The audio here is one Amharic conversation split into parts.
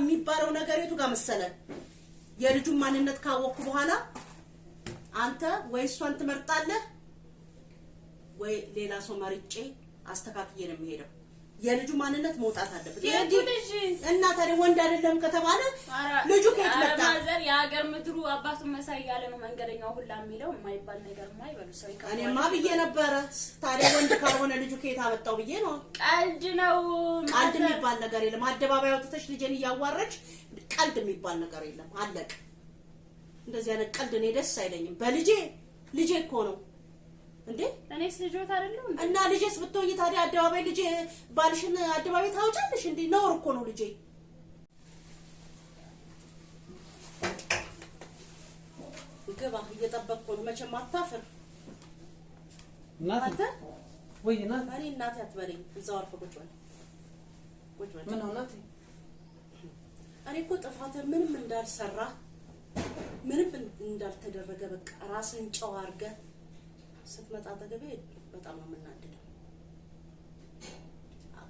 የሚባለው ነገር የቱ ጋር መሰለ? የልጁን ማንነት ካወቅኩ በኋላ አንተ ወይ እሷን ትመርጣለህ ወይ ሌላ ሰው መርጬ አስተካክዬ ነው የሚሄደው። የልጁ ማንነት መውጣት አለበት። እና ታዲያ ወንድ አይደለም ከተባለ ልጁ ከየት መጣ? ማዘር የሀገር ምድሩ አባቱ መሳይ ያለ ነው መንገደኛው ሁላ የሚለው የማይባል ነገር ማይበሉ ሰው ይከፋ። እኔማ ብዬ ነበረ። ታዲያ ወንድ ካልሆነ ልጁ ከየት አመጣው ብዬ ነው። ቀልድ ነው። ቀልድ የሚባል ነገር የለም። አደባባይ አውጥተሽ ልጅን እያዋረች ቀልድ የሚባል ነገር የለም። አለቅ እንደዚህ አይነት ቀልድ እኔ ደስ አይለኝም። በልጄ ልጄ እኮ ነው እንዴ እኔስ ልጆት አይደለም እና ልጄስ ብትሆኚ ታዲያ አደባባይ ልጄ ባልሽን አደባባይ ታውጫለሽ እንዴ? ነውር እኮ ነው ልጄ። ግባ፣ እየጠበቅኩ ነው። መቼም አታፍር እናት ወይ እናት። እኔ እናቴ አትበለኝ፣ እዛው አርፈህ ቁጭ በል ምን ሆናት? እኔ እኮ ጥፋትህ ምንም እንዳልሰራ ምንም እንዳልተደረገ በቃ ራስን ጨዋ አድርገህ ስትመጣ አጠገቤ በጣም ነው የምናደደው።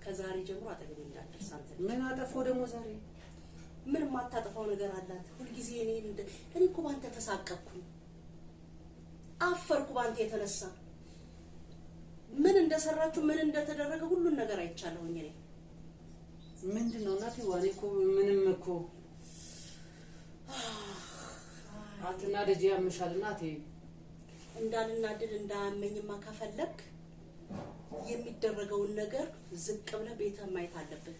ከዛሬ ጀምሮ አጠገቤ እንዳደርስ አንተ። ምን አጠፋው ደግሞ ዛሬ? ምን ማታጠፋው ነገር አላት? ሁልጊዜ እኔ እንደ እኔ እኮ ባንተ ተሳቀቅኩኝ፣ አፈርኩ ባንተ የተነሳ ምን እንደሰራችሁ ምን እንደተደረገ ሁሉን ነገር አይቻለሁኝ። እኔ ምንድን ነው እናቴ፣ ዋኔ እኮ ምንም እኮ አትናደጂ፣ ያምሻል እናቴ እንዳልናድድ እንዳያመኝማ ከፈለግ የሚደረገውን ነገር ዝቅ ብለህ ቤተ ማየት አለብህ።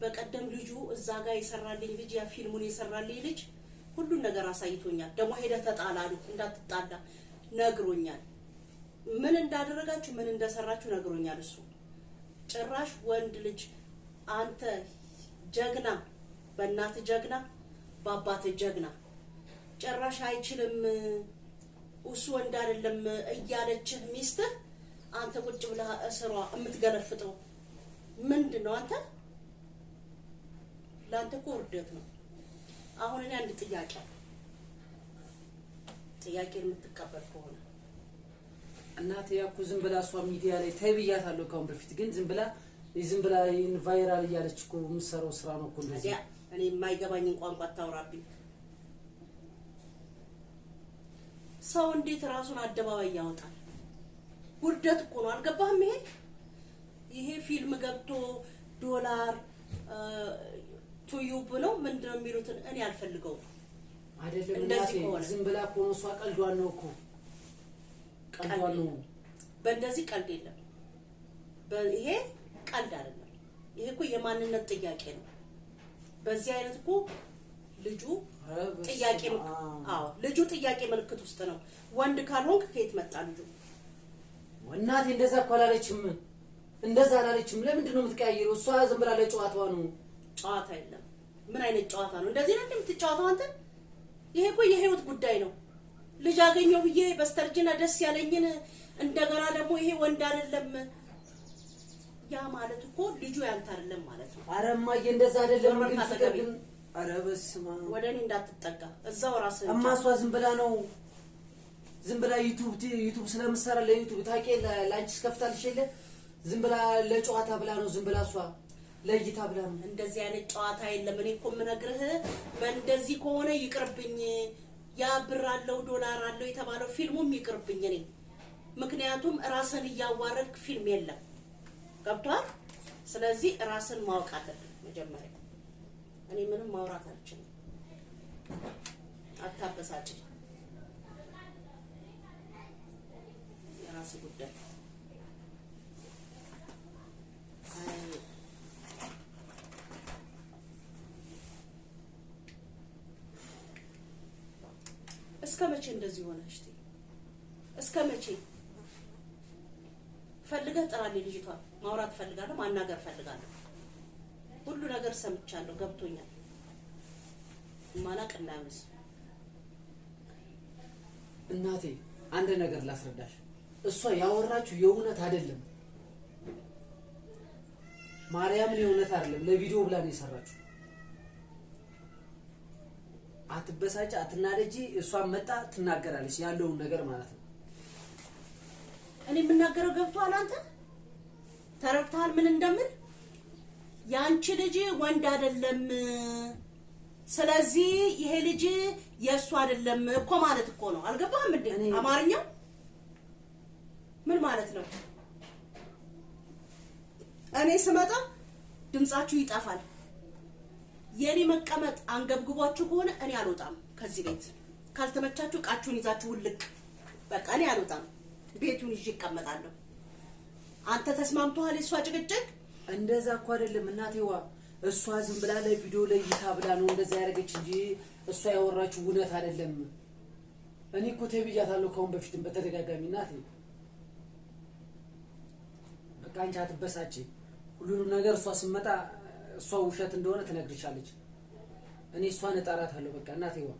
በቀደም ልጁ እዛ ጋር የሰራልኝ ልጅ ያ ፊልሙን የሰራልኝ ልጅ ሁሉን ነገር አሳይቶኛል። ደግሞ ሄደ ተጣላ አሉ እንዳትጣላ ነግሮኛል። ምን እንዳደረጋችሁ ምን እንደሰራችሁ ነግሮኛል። እሱ ጭራሽ ወንድ ልጅ አንተ ጀግና፣ በእናት ጀግና፣ በአባት ጀግና ጭራሽ አይችልም እሱ ወንድ አይደለም እያለችህ ሚስትህ አንተ ቁጭ ብለህ እስሯ የምትገለፍጠው ምንድን ነው? አንተ ለአንተ እኮ ውርደት ነው። አሁን እኔ አንድ ጥያቄ ጥያቄ የምትቀበል ከሆነ እናቴ ያኩ ዝም ብላ እሷ ሚዲያ ላይ ተይ ብያታለሁ ከአሁን በፊት ግን ዝም ብላ ዝም ብላ ቫይራል እያለች እኮ የምትሰራው ስራ ነው እኮ እንደዚህ። እኔ የማይገባኝን ቋንቋ አታውራብኝ። ሰው እንዴት ራሱን አደባባይ ያወጣል? ውርደት እኮ ነው። አልገባህም? ይሄ ይሄ ፊልም ገብቶ ዶላር ቱዩ ብለው ምንድን ነው የሚሉትን እኔ አልፈልገውም። አይደለም እንደዚህ ከሆነ ዝም ብላ እኮ ነው እሷ ቀልዷን ነው እኮ ቀልዷን ነው። በእንደዚህ ቀልድ የለም። ይሄ ቀልድ አይደለም። ይሄ እኮ የማንነት ጥያቄ ነው። በዚህ አይነት እኮ ልጁ ጥያቄ አዎ፣ ልጁ ጥያቄ ምልክት ውስጥ ነው። ወንድ ካልሆንክ ከየት መጣ ልጁ? እናቴ እንደዛ እኮ አላለችም፣ እንደዛ አላለችም። ለምንድን ነው የምትቀያየረው? እሷ ዝም ብላ ለጨዋታዋ ነው። ጨዋታ የለም። ምን አይነት ጨዋታ ነው? እንደዚህ ነው የምትጫወተው አንተ? ይሄ እኮ የህይወት ጉዳይ ነው። ልጅ አገኘው ብዬ በስተርጅና ደስ ያለኝን እንደገና ደግሞ ይሄ ወንድ አይደለም ያ ማለት እኮ ልጁ ያንተ አይደለም ማለት ነው። አረማዬ እንደዛ አይደለም ግን ኧረ በስመ አብ ወደ እኔ እንዳትጠጋ እዛው ራስህ እማ እሷ ዝም ብላ ነው ዝም ብላ ዩቲዩብ ዩቲዩብ ስለምትሰራ ለዩቲዩብ ታውቂ ለአንቺስ ከፍታልሽ የለ ዝም ብላ ለጨዋታ ብላ ነው ዝም ብላ እሷ ለእይታ ብላ ነው እንደዚህ አይነት ጨዋታ የለም እኔ እኮ የምነግርህ እንደዚህ ከሆነ ይቅርብኝ ያ ብር አለው ዶላር አለው የተባለው ፊልሙም ይቅርብኝ እኔ ምክንያቱም ራስን እያዋረድክ ፊልም የለም ገብቷል ስለዚህ ራስን ማወቅ አለብን መጀመሪያ እኔ ምንም ማውራት አልችልም። አታበሳጭ፣ የራስ ጉዳይ። እስከ መቼ እንደዚህ እሺ እስከ መቼ ፈልገህ ጥራልኝ። ልጅቷ ማውራት ፈልጋለሁ፣ ማናገር ፈልጋለሁ። ሁሉ ነገር ሰምቻለሁ፣ ገብቶኛል። ማላቅ እንዳምስ እናቴ፣ አንድ ነገር ላስረዳሽ። እሷ ያወራችሁ የእውነት አይደለም። ማርያምን የእውነት አይደለም፣ ለቪዲዮ ብላ ነው የሰራችሁ። አትበሳጭ፣ አትናደጂ። እሷን መጣ ትናገራለች ያለውን ነገር ማለት ነው። እኔ የምናገረው ገብቶሃል? አንተ ተረድተሃል ምን እንደምን ያንቺ ልጅ ወንድ አይደለም፣ ስለዚህ ይሄ ልጅ የእሱ አይደለም እኮ ማለት እኮ ነው። አልገባህም እንዴ? አማርኛው ምን ማለት ነው? እኔ ስመጣ ድምጻችሁ ይጠፋል። የኔ መቀመጥ አንገብግቧችሁ ከሆነ እኔ አልወጣም ከዚህ ቤት። ካልተመቻችሁ እቃችሁን ይዛችሁ ውልቅ። በቃ እኔ አልወጣም፣ ቤቱን ይዤ እቀመጣለሁ። አንተ ተስማምቶሃል የእሷ ጭቅጭቅ እንደዛ እኮ አይደለም እናቴዋ። እሷ ዝም ብላ ለቪዲዮ ለእይታ ብላ ነው እንደዛ ያደረገች እንጂ እሷ ያወራችው እውነት አይደለም። እኔ እኮ ተብያታለሁ ከአሁን በፊትም በተደጋጋሚ እናቴ። በቃ አንቺ አትበሳጭ። ሁሉንም ነገር እሷ ስመጣ እሷ ውሸት እንደሆነ ትነግርሻለች። እኔ እሷን እጠራታለሁ። በቃ እናቴዋ፣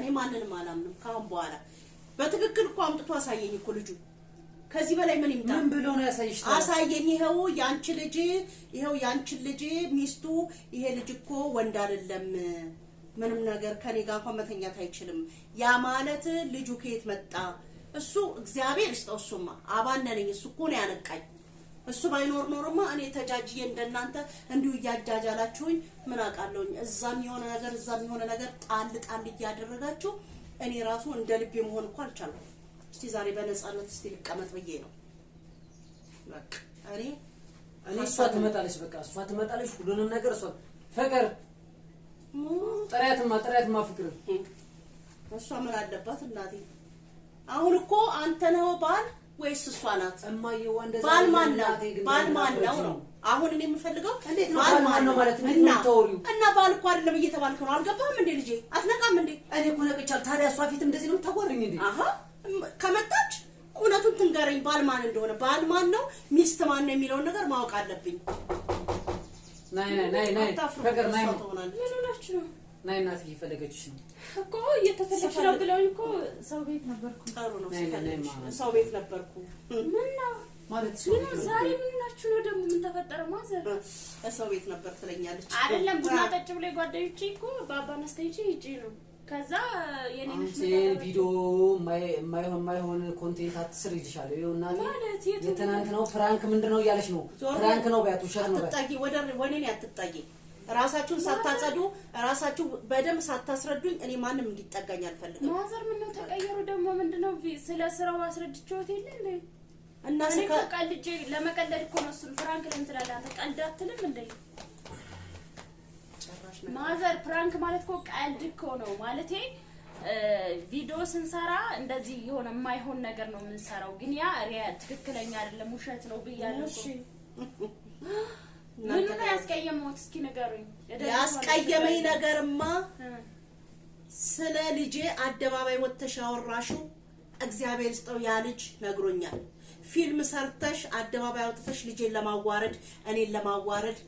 እኔ ማንንም አላምንም ከአሁን በኋላ። በትክክል እኮ አምጥቶ አሳየኝ እኮ ልጁ ከዚህ በላይ ምን ይምጣ? ምን ብሎ ነው ያሳይሽ? አሳየኝ። ይኸው ያንቺ ልጅ ይኸው ያንቺ ልጅ ሚስቱ ይሄ ልጅ እኮ ወንድ አይደለም፣ ምንም ነገር ከኔ ጋር እንኳን መተኛት አይችልም። ያ ማለት ልጁ ከየት መጣ? እሱ እግዚአብሔር ይስጠው። እሱማ አባነነኝ። እሱ እኮ ነው ያነቃኝ። እሱ ባይኖር ኖርማ እኔ ተጃጅዬ እንደናንተ እንዲሁ እያጃጃላችሁኝ ምን አውቃለሁኝ። እዛም የሆነ ነገር እዛም የሆነ ነገር ጣል ጣል እያደረጋችሁ እኔ ራሱ እንደ ልቤ መሆን እኮ አልቻልኩም። እስቲ ዛሬ በነፃነት እስቲ ልቀመጥ ብዬ ነው። በቃ እኔ እኔ እሷ ትመጣለች፣ በቃ እሷ ትመጣለች። ሁሉንም ነገር እሷ ፍቅር ጥሪያትማ ጥሪያትማ ፍቅር እሷ ምን አለባት እናቴ። አሁን እኮ አንተ ነው ባል ወይስ እሷ ናት? እማየዋ ባል ማን ነው? ባል ማን ነው ነው አሁን እኔ የምፈልገው እንዴት ነው ባል ነው ማለት ነው እና ባል እኮ አይደለም እየተባልክ ነው። አልገባህም እንዴ ልጄ? አትነቃም እንዴ? እኔ እኮ ነቅቻለሁ። ታዲያ እሷ እንደዚህ ነው የምታወሪኝ እንዴ? አሃ ከመጣች እውነቱን ትንገረኝ። ባልማን እንደሆነ ባልማን ነው ሚስት ማን ነው የሚለውን ነገር ማወቅ አለብኝ። ናይ ናይ ናይ ናይ ናይ ነው? ናይ ነው ነው ሰው ቤት ነበርኩ። ጥሩ ነው። ሰው ቤት ነበርኩ። ነው ዛሬ ምን ናችሁ ነው ደግሞ? ምን ተፈጠረ? ማዘር ሰው ቤት ነበር ትለኛለች። አይደለም ቡና ጠጭ ብሎ ጓደኞቼ እኮ ሂጄ ነው ከዛ ቪዲዮ የማይሆን ኮንቴንት አትስር ይልሻል። እና የትናንትናው ፕራንክ ምንድን ነው እያለች ነው። ፕራንክ ነው በያት፣ ውሸት ነው በያት። ወኔን አትጠጊ። ራሳችሁን ሳታጸዱ ራሳችሁ በደንብ ሳታስረዱኝ እኔ ማንም እንዲጠጋኝ አልፈልግም። ማዘር ምነው ተቀየሩ ደግሞ ምንድን ነው? ስለ ስራው አስረድቼዎት የለ እንደ እና ስለ ቀልጄ ለመቀለድ እኮ ነው እሱን ፍራንክ ለምን ቀልድ አትልም እንደ ማዘር ፕራንክ ማለት እኮ ቀልድ እኮ ነው ማለቴ ቪዲዮ ስንሰራ እንደዚህ የሆነ የማይሆን ነገር ነው የምንሰራው፣ ግን ያ ትክክለኛ አይደለም ውሸት ነው ብያለሁ። ምን ነው ያስቀየመሁት? እስኪ ንገሩኝ። ያስቀየመኝ ነገርማ ስለ ልጄ አደባባይ ወጥተሽ ያወራሽው እግዚአብሔር ስጠው ያ ልጅ ነግሮኛል። ፊልም ሰርተሽ አደባባይ አውጥተሽ ልጄን ለማዋረድ እኔን ለማዋረድ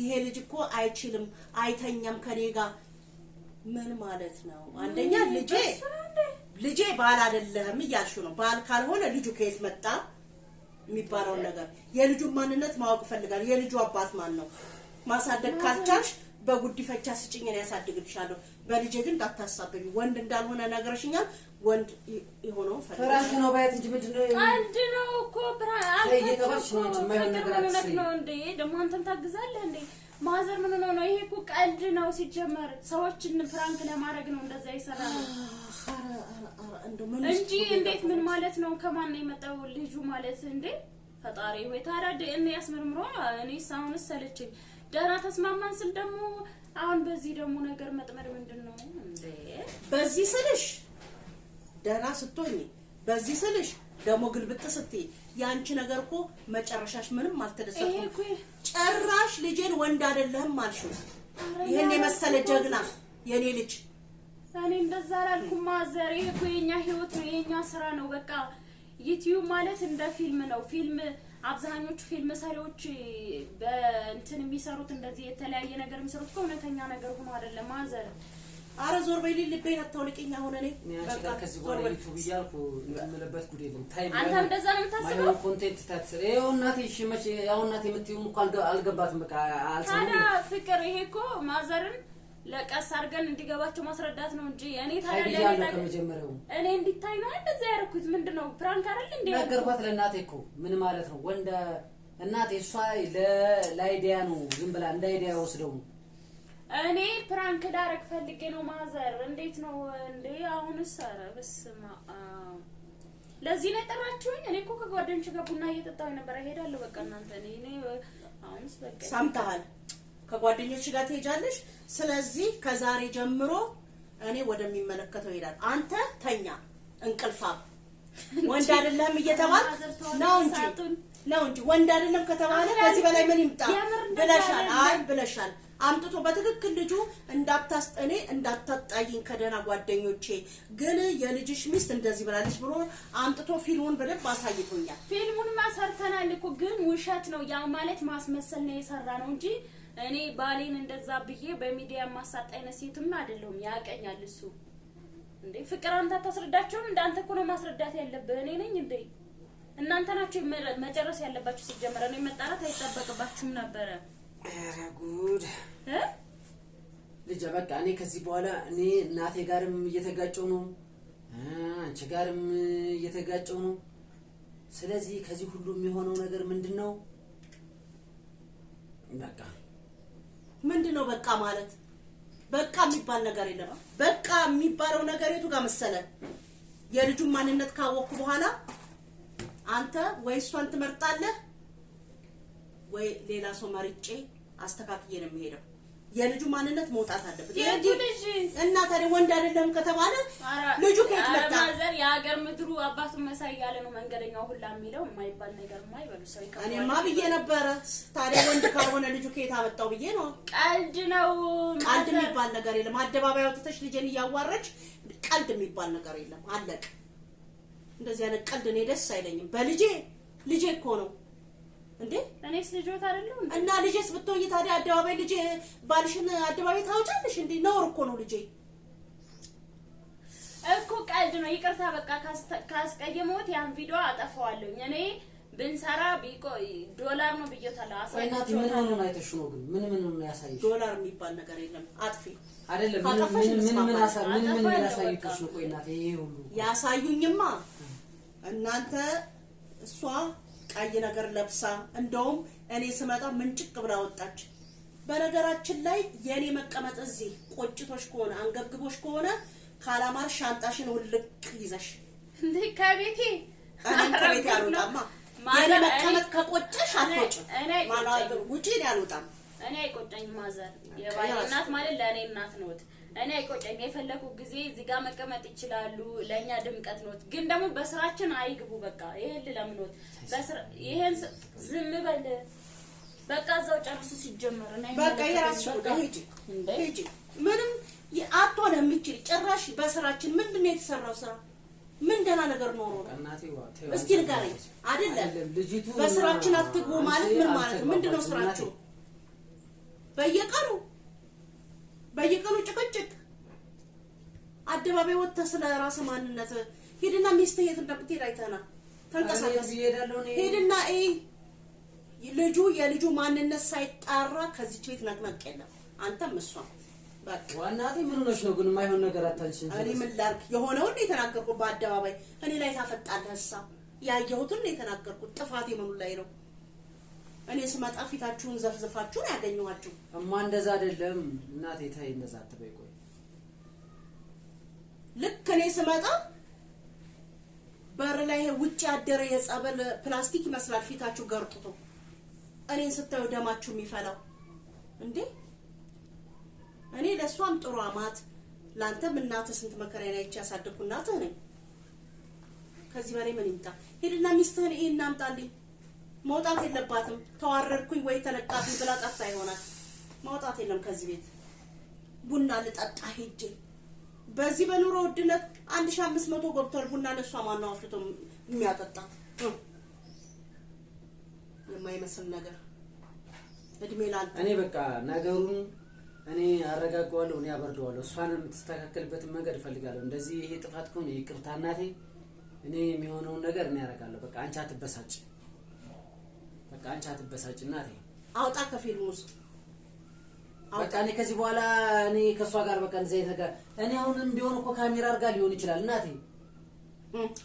ይሄ ልጅ እኮ አይችልም፣ አይተኛም ከኔ ጋር ምን ማለት ነው? አንደኛ ልጄ ልጄ ባል አይደለህም እያልሽ ነው። ባል ካልሆነ ልጁ ከየት መጣ የሚባለውን ነገር የልጁን ማንነት ማወቅ እፈልጋለሁ። የልጁ አባት ማን ነው? ማሳደግ ካልቻልሽ በጉዲፈቻ ስጭኝ፣ እኔ ያሳድግልሻለሁ። በልጄ ግን እንዳታሳብቢ፣ ወንድ እንዳልሆነ ነገርሽኛል። ወንድ የሆነው ፍራንክ ነው ባያት እንጂ ነው አንድ ነው እኮ ፍራንክ ነው እንዴ ደግሞ ማዘር ምን ነው ነው ይሄ እኮ ቀልድ ነው ሲጀመር ሰዎችን ፍራንክ ለማድረግ ነው እንደዛ ይሰራ እንጂ እንዴት ምን ማለት ነው ከማን ነው የመጣው ልጁ ማለት እንዴ ፈጣሪ ወይ ታዳደ እኔ ያስመርምሮ እኔ ሳሁን ሰለች ደህና ተስማማን ስል ደግሞ አሁን በዚህ ደግሞ ነገር መጥመድ ምንድን ነው እንዴ በዚህ ስልሽ ደህና ስትሆኝ በዚህ ስልሽ ደግሞ ግልብጥ ስትይ ያንቺ ነገር እኮ መጨረሻሽ ምንም አልተደሰትኩም። ጨራሽ ልጄን ወንድ አይደለህም አልሽው። ይህን የመሰለ ጀግና የኔ ልጅ እኔ እንደዛ አላልኩማ። ማዘር። እኮ የኛ ህይወት ነው፣ የኛ ስራ ነው። በቃ ዩቲዩብ ማለት እንደ ፊልም ነው። ፊልም አብዛኞቹ ፊልም ሰሪዎች በእንትን የሚሰሩት እንደዚህ የተለያየ ነገር የሚሰሩት እውነተኛ ነገር ሆኖ አይደለም ማዘር። አረ ዞር በይ ልቤን አታውልቀኝ። አሁን እኔ በቃ ከዚህ በኋላ ዩቲዩብ እያልኩ የምልበት ጉድ የለም። ታይም አንተ እንደዛ ነው የምታስበው። ኮንቴንት ታስር ይኸው እናቴ እሺ፣ መቼ ያው እናቴ የምትይውም እኮ አልገባትም። በቃ አልሰማሁም። ታዲያ ፍቅር ይሄ እኮ ማዘርን ለቀስ አድርገን እንዲገባቸው ማስረዳት ነው እንጂ እኔ ታዲያ ከመጀመሪያው እኔ እንዲታይ ነው እንደዛ ያደረኩት። ምንድን ነው ፕራንክ አይደል እንዴ? ነገርኳት ለእናቴ እኮ ምን ማለት ነው ወንደ እናቴ እሷ ለአይዲያ ነው ዝም ብላ እንደ አይዲያ ወስደው ነው እኔ ፕራንክ ዳረግ ፈልጌ ነው። ማዘር እንዴት ነው እንዴ? አሁንስ ኧረ በስመ አብ ለዚህ ነው የጠራችሁኝ? እኔ እኮ ከጓደኞች ጋር ቡና እየጠጣሁኝ ነበር። እሄዳለሁ በቃ እናንተ። እኔ እኔ አሁንስ በቃ ሰምተሃል። ከጓደኞች ጋር ትሄጃለሽ። ስለዚህ ከዛሬ ጀምሮ እኔ ወደሚመለከተው ይሄዳል። አንተ ተኛ እንቅልፋ ወንድ አይደለም እየተባለ ነው እንጂ ነው እንጂ ወንድ አይደለም ከተባለ ከዚህ በላይ ምን ይምጣ ብለሻል። አይ ብለሻል አምጥቶ በትክክል ልጁ እንዳታስጠኔ እንዳታጣይኝ ከደህና ጓደኞቼ ግን የልጅሽ ሚስት እንደዚህ ብላለች ብሎ አምጥቶ ፊልሙን በደንብ አሳይቶኛል። ፊልሙን ማሰርተናል እኮ ግን ውሸት ነው። ያ ማለት ማስመሰል ነው የሰራ ነው እንጂ እኔ ባሌን እንደዛ ብዬ በሚዲያ የማሳጣ አይነት ሴትም አይደለሁም። ያቀኛል እሱ እንዴ ፍቅር፣ አንተ አታስረዳቸውም? እንዳንተ እኮ ነው ማስረዳት ያለብህ። እኔ ነኝ እንዴ? እናንተ ናቸው መጨረስ ያለባችሁ። ሲጀመረ እኔ መጣራት አይጠበቅባችሁም ነበረ። ኧረ ጉድ ልጄ። በቃ እኔ ከዚህ በኋላ እኔ እናቴ ጋርም እየተጋጨው ነው፣ አንቺ ጋርም እየተጋጨው ነው። ስለዚህ ከዚህ ሁሉ የሚሆነው ነገር ምንድን ነው? በቃ ምንድን ነው በቃ ማለት? በቃ የሚባል ነገር የለም። በቃ የሚባለው ነገር የቱ ጋር መሰለ? የልጁን ማንነት ካወቅኩ በኋላ አንተ ወይ እሷን ትመርጣለህ ወይ ሌላ ሰው መርጬ አስተካክዬ ነው የምሄደው። የልጁ ማንነት መውጣት አለበት። እና ታዲያ ወንድ አይደለም ከተባለ ልጁ ከየት መጣ? ማዘር የሀገር ምድሩ አባቱን መሳይ ያለ ነው መንገደኛው ሁላ የሚለው የማይባል ነገር የማይበሉ ሰው ይከብዳል። እኔማ ብዬ ነበረ። ታዲያ ወንድ ካልሆነ ልጁ ከየት አመጣው ብዬ ነው። ቀልድ ነው። ቀልድ የሚባል ነገር የለም። አደባባይ አውጥተሽ ልጅን እያዋረች ቀልድ የሚባል ነገር የለም። አለቅ እንደዚህ አይነት ቀልድ እኔ ደስ አይለኝም። በልጄ ልጄ እኮ ነው እንዴ እኔስ ልጆት አይደለም እና ልጄስ ብትሆኝ ታዲያ አደባባይ ልጄ ባልሽን አደባባይ ታወጫለሽ እንዴ? ነውር እኮ ነው። ልጄ እኮ ቀልድ ነው። ይቅርታ በቃ ካስቀየመሁት ያን ቪዲዮ አጠፋዋለሁ። እኔ ብንሰራ ቢቆ ዶላር ነው ብየታለሁ። አሳይናት ምን ሆነ ነው አይተሽ ነው ግን ምን ምን ነው ያሳይሽ? ዶላር የሚባል ነገር የለም። አጥፊ አይደለም ያሳዩኝማ እናንተ እሷ ቀይ ነገር ለብሳ እንደውም እኔ ስመጣ ምንጭቅ ብላ ወጣች። በነገራችን ላይ የእኔ መቀመጥ እዚህ ቆጭቶች ከሆነ አንገብግቦች ከሆነ ካላማር ሻንጣሽን ውልቅ ይዘሽ እንዴ ከቤቴ እኔም ከቤቴ አልወጣማ። የእኔ መቀመጥ ከቆጨሽ አትቆጭም። ውጪ እኔ አልወጣም። እኔ አይቆጨኝም። ማዘር የባይ እናት ማለት ለእኔ እናት ነውት እኔ አይቆጨኝ። የፈለኩ ጊዜ እዚህ ጋር መቀመጥ ይችላሉ። ለእኛ ድምቀት ኖት። ግን ደግሞ በስራችን አይግቡ። በቃ ይሄ ልለምኖት ይሄን ዝም በል በቃ እዛው ጨርሱ። ሲጀመር በቃ የራስሽ ሂጂ ሂጂ። ምንም አትሆነ የምችል ጭራሽ በስራችን ምንድን ነው የተሰራው ስራ ምን ደህና ነገር ኖሮ ነው? እስቲ ንገረኝ። አይደለም በስራችን አትግቡ ማለት ምን ማለት ነው? ምንድን ነው ስራችሁ በየቀኑ በየቀኑ ጭቅጭቅ፣ አደባባይ ወጥተህ ስለ ራስህ ማንነት ሄድና ሚስትህ የት እንደምትሄድ አይተናል። ተንቀሳቀስ፣ ሄድና ልጁ የልጁ ማንነት ሳይጣራ ከዚች ቤት ነቅነቅ የለም። አንተም እሷ በቃ ዋናቴ ምን ሆነሽ ነው ግን? የማይሆን ነገር አታልሽ እንጂ እኔ ምን ላድርግ? የሆነውን የተናገርኩት በአደባባይ እኔ ላይ ታፈጣለህ። እሳ ያየሁትን የተናገርኩት ጥፋት የምኑ ላይ ነው? እኔ ስመጣ ፊታችሁን ዘፍዘፋችሁን ያገኘኋችሁ። እማ እንደዛ አይደለም እናቴ፣ ተይ እንደዛ አትበይ። ቆይ ልክ እኔ ስመጣ በር ላይ ውጭ ያደረ የጸበል ፕላስቲክ ይመስላል ፊታችሁ ገርጥቶ እኔን ስታዩ ደማችሁ የሚፈላው እንዴ! እኔ ለእሷም ጥሩ አማት ለአንተም እናትህ ስንት መከራዬን ላይ ያሳደግኩ እናትህ ነኝ። ከዚህ በላይ ምን ይምጣ? ሄድና ሚስትህን ይሄን እናምጣልኝ መውጣት የለባትም። ተዋረድኩኝ ወይ ተነቃብኝ ብላ ጠፍታ ይሆናል። ማውጣት የለም ከዚህ ቤት ቡና ልጠጣ ሄጄ በዚህ በኑሮ ውድነት አንድ ሺ አምስት መቶ ገብቷል። ቡና ማን ነው አፍልቶ የሚያጠጣ? የማይመስል ነገር እድሜ ላል እኔ በቃ ነገሩን እኔ አረጋጋዋለሁ፣ እኔ አበርደዋለሁ። እሷን የምትስተካከልበትን መንገድ እፈልጋለሁ። እንደዚህ ይሄ ጥፋት ከሆነ ይቅርታ እናቴ፣ እኔ የሚሆነውን ነገር እኔ ያደርጋለሁ። በቃ አንቺ አትበሳጭ። በቃ አንቺ አትበሳጭ እናቴ። አውጣ ከፊልም ውስጥ በቃ እኔ ከዚህ በኋላ እኔ ከእሷ ጋር በቃ እንደዚህ ነገር እኔ አሁንም ቢሆን እኮ ካሜራ አድርጋ ሊሆን ይችላል እናቴ